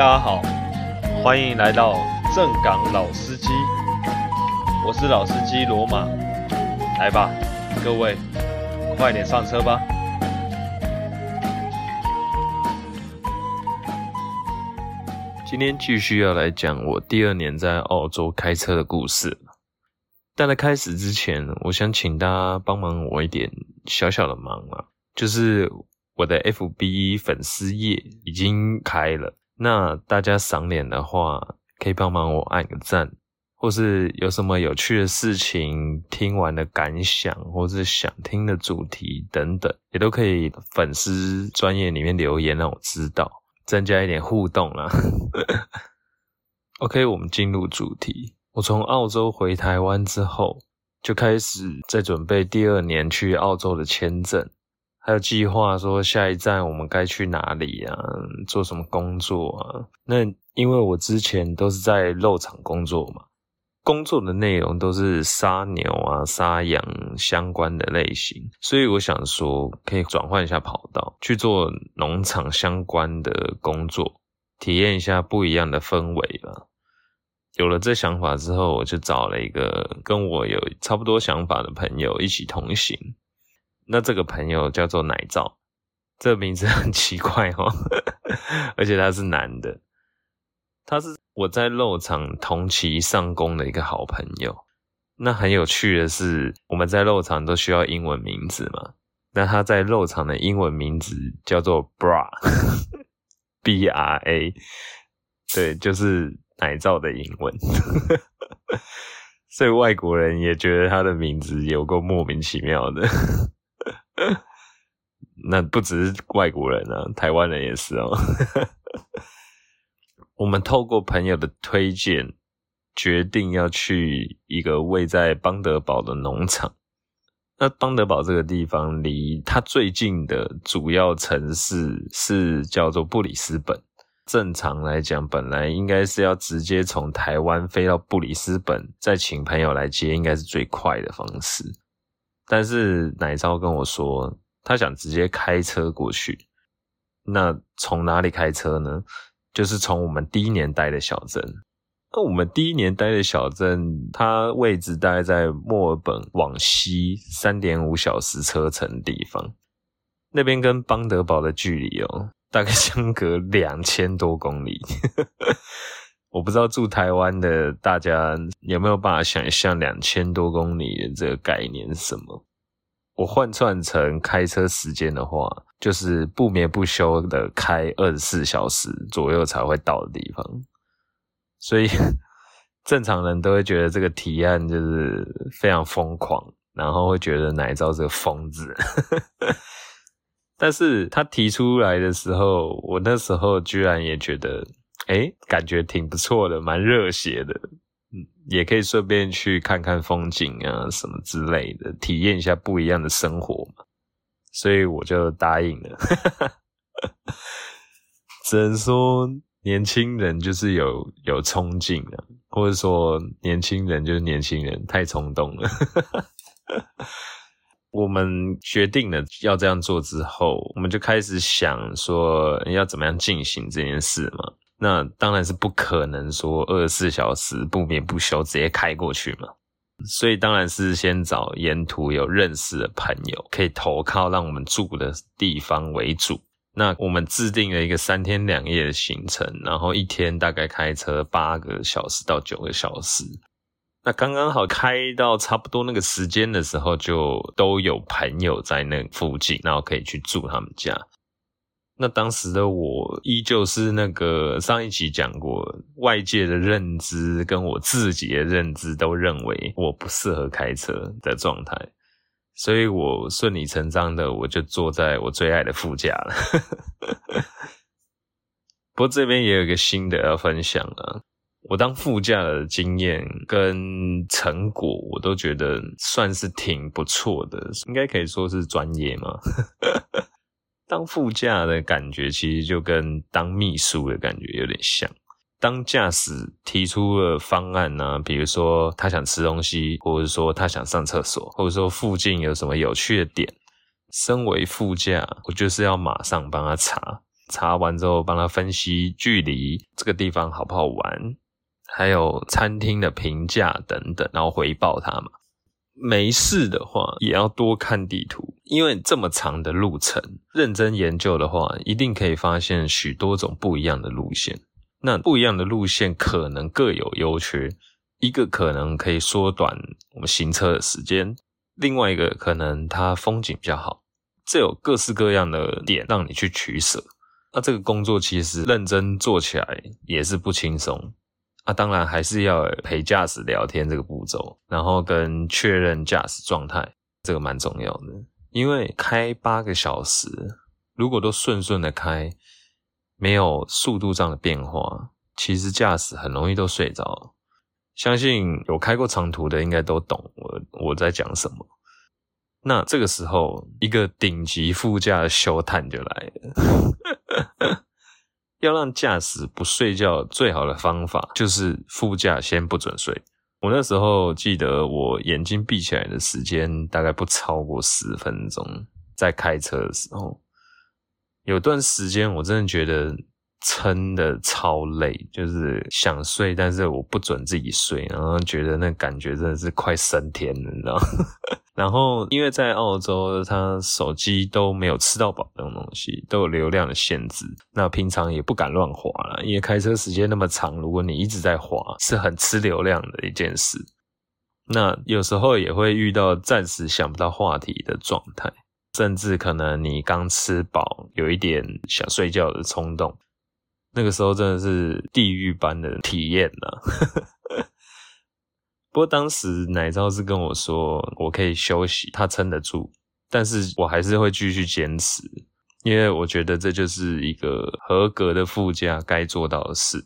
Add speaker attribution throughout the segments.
Speaker 1: 大家好，歡迎來到正港老司機，我是老司機羅馬，來吧，各位，快點上車吧。今天繼續要來講我第二年在澳洲開車的故事。但在開始之前，我想請大家幫忙我一點小小的忙啊，就是我的 FB 粉絲頁已經開了。那大家賞臉的話，可以幫忙我按個讚，或是有什麼有趣的事情聽完的感想，或是想聽的主題等等，也都可以粉絲專頁裡面留言讓我知道，增加一點互動啦。 OK，我們進入主題。我從澳洲回台灣之後，就開始在準備第二年去澳洲的簽證。還有計劃說，下一站我們該去哪裡啊？做什麼工作啊？那因為我之前都是在肉場工作嘛，工作的內容都是殺牛啊、殺羊相關的類型，所以我想說可以轉換一下跑道，去做農場相關的工作，體驗一下不一樣的氛圍吧。有了這想法之後，我就找了一個跟我有差不多想法的朋友一起同行。那這個朋友叫做奶罩，這個、名字很奇怪哦！而且他是男的。他是我在肉場同期上工的一個好朋友。那很有趣的是，我們在肉場都需要英文名字嘛。那他在肉場的英文名字叫做 bra，b r a，對，就是奶罩的英文。 所以外國人也覺得他的名字有夠莫名其妙的。 那不只是外國人啊，臺灣人也是哦。 我們透過朋友的推薦，決定要去一個位在邦德堡的農場。那邦德堡這個地方，離它最近的主要城市是叫做布里斯本。正常來講，本來應該是要直接從臺灣飛到布里斯本，再請朋友來接，應該是最快的方式。但是奶昭跟我說，他想直接開車過去。那從哪裡開車呢？就是從我們第一年待的小鎮。那我們第一年待的小鎮，它位置大概在墨爾本往西三點五小時車程的地方。那邊跟邦德堡的距離哦、喔，大概相隔兩千多公里。 我不知道住台灣的大家有沒有辦法想象兩千多公里的這個概念是什麼？我換算成開車時間的話，就是不眠不休的開二十四小時左右才會到的地方。所以 正常人都會覺得這個提案就是非常瘋狂，然後會覺得哪一招是個瘋子。 但是他提出來的時候，我那時候居然也覺得，哎、欸，感覺挺不錯的，蠻熱血的。嗯，也可以順便去看看風景啊，什麼之類的，體驗一下不一樣的生活嘛。所以我就答應了。 只能說年輕人就是有有衝勁了，或者說年輕人就是年輕人太衝動了。 我們決定了要這樣做之後，我們就開始想說要怎麼樣進行這件事嘛。那當然是不可能說二十四小時不眠不休直接開過去嘛，所以當然是先找沿途有認識的朋友可以投靠，讓我們住的地方為主。那我們制定了一個三天兩夜的行程，然後一天大概開車八個小時到九個小時，那剛剛好開到差不多那個時間的時候，就都有朋友在那附近，然後可以去住他們家。那當時的我依舊是那個上一期講過，外界的認知跟我自己的認知都認為我不適合開車的狀態，所以我順理成章的我就坐在我最愛的副駕了。 不過這邊也有一個心得要分享啊，我當副駕的經驗跟成果，我都覺得算是挺不錯的，應該可以說是專業嘛。 當副駕的感覺，其實就跟當秘書的感覺有點像。當駕駛提出了方案呢，比如說他想吃東西，或者說他想上廁所，或者說附近有什麼有趣的點，身為副駕，我就是要馬上幫他查，查完之後幫他分析距離，這個地方好不好玩，還有餐廳的評價等等，然後回報他嘛。沒事的話，也要多看地圖，因為這麼長的路程，認真研究的話，一定可以發現許多種不一樣的路線。那不一樣的路線可能各有優缺，一個可能可以縮短我們行車的時間，另外一個可能它風景比較好，這有各式各樣的點讓你去取舍。那這個工作其實認真做起來也是不輕鬆。啊，當然還是要陪駕駛聊天這個步驟，然後跟確認駕駛狀態，這個蠻重要的。因為開八個小時，如果都順順的開，沒有速度上的變化，其實駕駛很容易都睡着。相信有開過長途的應該都懂我我在講什麼。那這個時候，一個頂級副駕的修探就來了。 要讓駕駛不睡覺，最好的方法就是副駕先不准睡。我那時候記得，我眼睛閉起來的時間大概不超過十分鐘，在開車的時候，有段時間我真的覺得撐的超累，就是想睡，但是我不准自己睡，然後覺得那感覺真的是快升天了，你知道？ 然後，因為在澳洲，他手機都沒有吃到飽，這種東西都有流量的限制。那平常也不敢亂滑啦，因為開車時間那麼長，如果你一直在滑，是很吃流量的一件事。那有時候也會遇到暫時想不到話題的狀態，甚至可能你剛吃飽，有一點想睡覺的衝動，那個時候真的是地獄般的體驗啦。 不過當時奶昭是跟我說，我可以休息，他撐得住，但是我還是會繼續堅持，因為我覺得這就是一個合格的副駕該做到的事。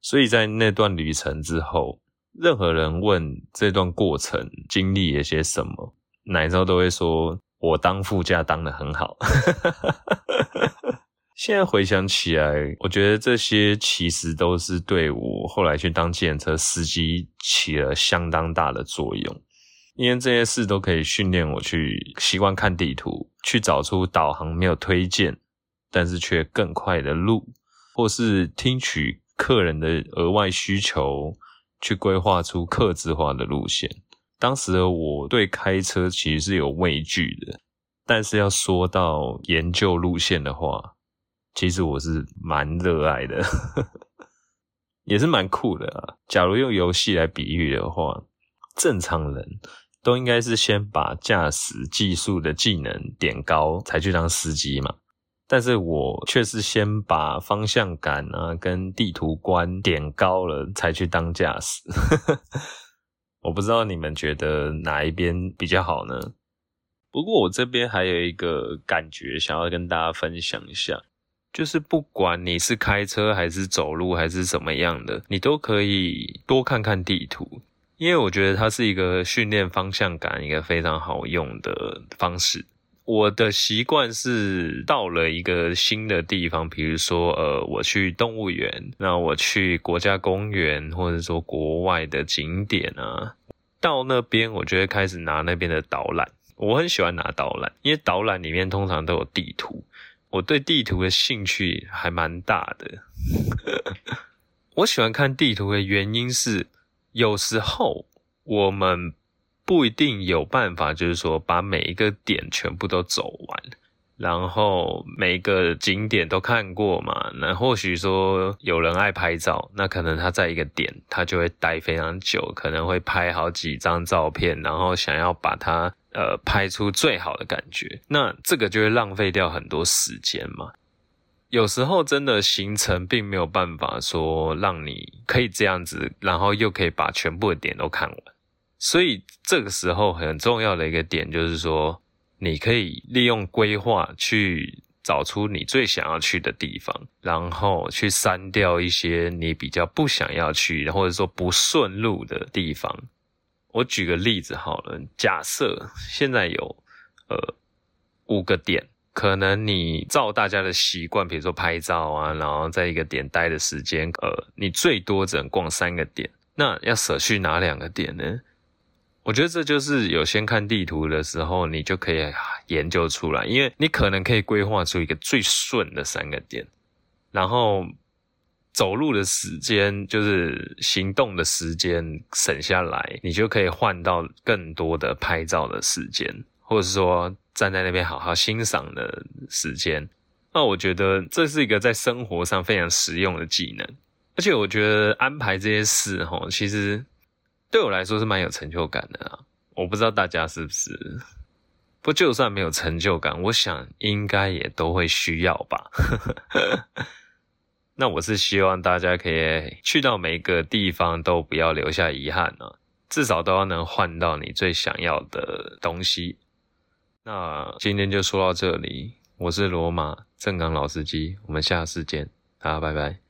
Speaker 1: 所以在那段旅程之後，任何人問這段過程經歷了些什麼，奶昭都會說我當副駕當得很好。 現在回想起來，我覺得這些其實都是對我後來去當計程車司機起了相當大的作用，因為這些事都可以訓練我去習慣看地圖，去找出導航沒有推薦，但是卻更快的路，或是聽取客人的額外需求，去規劃出客製化的路線。當時的我對開車其實是有畏懼的，但是要說到研究路線的話，其實我是蠻熱愛的， 也是蠻酷的啊。假如用遊戲來比喻的話，正常人都應該是先把駕駛技術的技能點高，才去當司機嘛。但是我卻是先把方向感啊跟地圖關點高了，才去當駕駛。我不知道你們覺得哪一邊比較好呢？不過我這邊還有一個感覺想要跟大家分享一下。就是不管你是開車還是走路還是怎麼樣的，你都可以多看看地圖，因為我覺得它是一個訓練方向感一個非常好用的方式。我的習慣是到了一個新的地方，比如說呃我去動物園，那我去國家公園，或者說國外的景點啊，到那邊我就會開始拿那邊的導覽。我很喜歡拿導覽，因為導覽裡面通常都有地圖。我對地圖的興趣還蠻大的。 我喜歡看地圖的原因是，有時候我們不一定有辦法，就是說把每一個點全部都走完，然後每一個景點都看過嘛。那或許說有人愛拍照，那可能他在一個點他就會待非常久，可能會拍好幾張照片，然後想要把它。呃，拍出最好的感覺，那這個就會浪費掉很多時間嘛。有時候真的行程並沒有辦法說讓你可以這樣子，然後又可以把全部的點都看完。所以這個時候很重要的一個點就是說，你可以利用規劃去找出你最想要去的地方，然後去刪掉一些你比較不想要去，或者說不順路的地方。我舉個例子好了，假設現在有呃五個點，可能你照大家的習慣，比如說拍照啊，然後在一個點待的時間，呃，你最多只能逛三個點，那要捨去哪兩個點呢？我覺得這就是有先看地圖的時候，你就可以研究出來，因為你可能可以規劃出一個最順的三個點，然後。走路的時間就是行動的時間，省下來，你就可以換到更多的拍照的時間，或者是說站在那邊好好欣賞的時間。那我覺得這是一個在生活上非常實用的技能，而且我覺得安排這些事吼，其實對我來說是蠻有成就感的啊。我不知道大家是不是，不就算沒有成就感，我想應該也都會需要吧。 那我是希望大家可以去到每個地方都不要留下遺憾啊，至少都要能換到你最想要的東西。那今天就說到這裡，我是羅馬正港老司機，我們下次見，大家拜拜。